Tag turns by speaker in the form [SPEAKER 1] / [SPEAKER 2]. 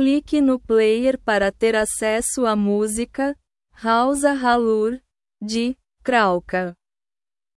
[SPEAKER 1] Clique no player para ter acesso à música Rausa Halur, de Krauka.